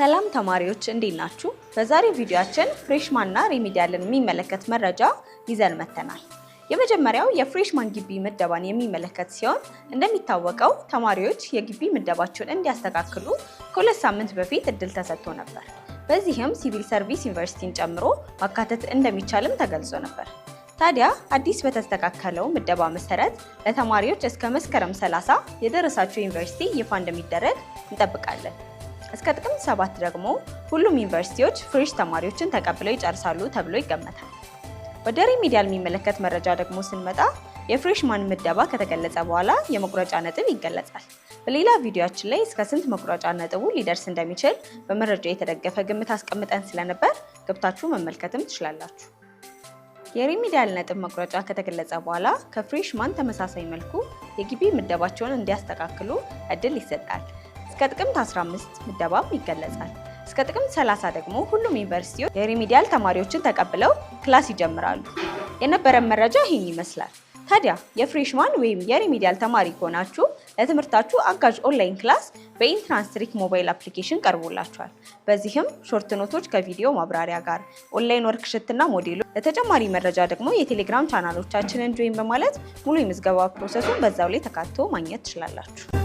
ሰላም ተማሪዎች እንዴት ናችሁ? በዛሬው ቪዲዮአችን ፍሬሽማንና ሪሚዲያልን የሚመለከት መረጃ ይዘን መጥተናል። የመጀመሪያው የፍሬሽማን ግቢ ምደባን የሚመለከት ሲሆን እንደሚታወቀው ተማሪዎች የግቢ ምደባቸውን እንዲያስተካክሉ ከሁለት ሳምንት በፊት እድል ተሰጥቶ ነበር። በዚህም ሲቪል ሰርቪስ ዩኒቨርሲቲን ጨምሮ ማካተት እንደሚቻልም ተገልጾ ነበር። ታዲያ አዲስ በተስተካከለው ምደባ መሰረት ለተማሪዎች እስከ መስከረም 30 የደረሳቸው ዩኒቨርሲቲ ይፋ እንደሚደረግ እንጠብቃለን። እስከ ጥቅምት ሰባት ደግሞ ሁሉም ዩኒቨርሲቲዎች ፍሬሽ ተማሪዎችን ተቀብለው ይጨርሳሉ ተብሎ ይገመታል። ወደ ሪሚዲያል የሚመለከት መረጃ ደግሞ ስንመጣ የፍሬሽማን ምደባ ከተገለጸ በኋላ የመቁረጫ ነጥብ ይገለጻል። በሌላ ቪዲዮችን ላይ እስከ ስንት መቁረጫ ነጥቡ ሊደርስ እንደሚችል በመረጃ የተደገፈ ግምት አስቀምጠን ስለነበር ገብታችሁ መመልከትም ትችላላችሁ። የሪሚዲያል ነጥብ መቁረጫ ከተገለጸ በኋላ ከፍሬሽማን ተመሳሳይ መልኩ የግቢ ምደባቸውን እንዲያስተካክሉ እድል ይሰጣል። ከጥቅምት 15 ምደባም ይገለጻል። እስከ ጥቅምት 30 ደግሞ ሁሉም ዩኒቨርሲቲዎች የሪሚዲያል ተማሪዎችን ተቀብለው ክላስ ይጀምራሉ። የነበረን መረጃ ይህን ይመስላል። ታዲያ የፍሬሽማን ወይም የሪሚዲያል ተማሪ ከሆናችሁ ለትምህርታችሁ አጋዥ ኦንላይን ክላስ በኢንትራንስ ትሪክ ሞባይል አፕሊኬሽን ቀርቦላችኋል። በዚህም ሾርት ኖቶች ከቪዲዮ ማብራሪያ ጋር፣ ኦንላይን ወርክሽትና ሞዴሎች። ለተጨማሪ መረጃ ደግሞ የቴሌግራም ቻናሎቻችንን ጆይን በማለት ሙሉ የምዝገባ ፕሮሰሱን በዛው ላይ ተካቶ ማግኘት ትችላላችሁ።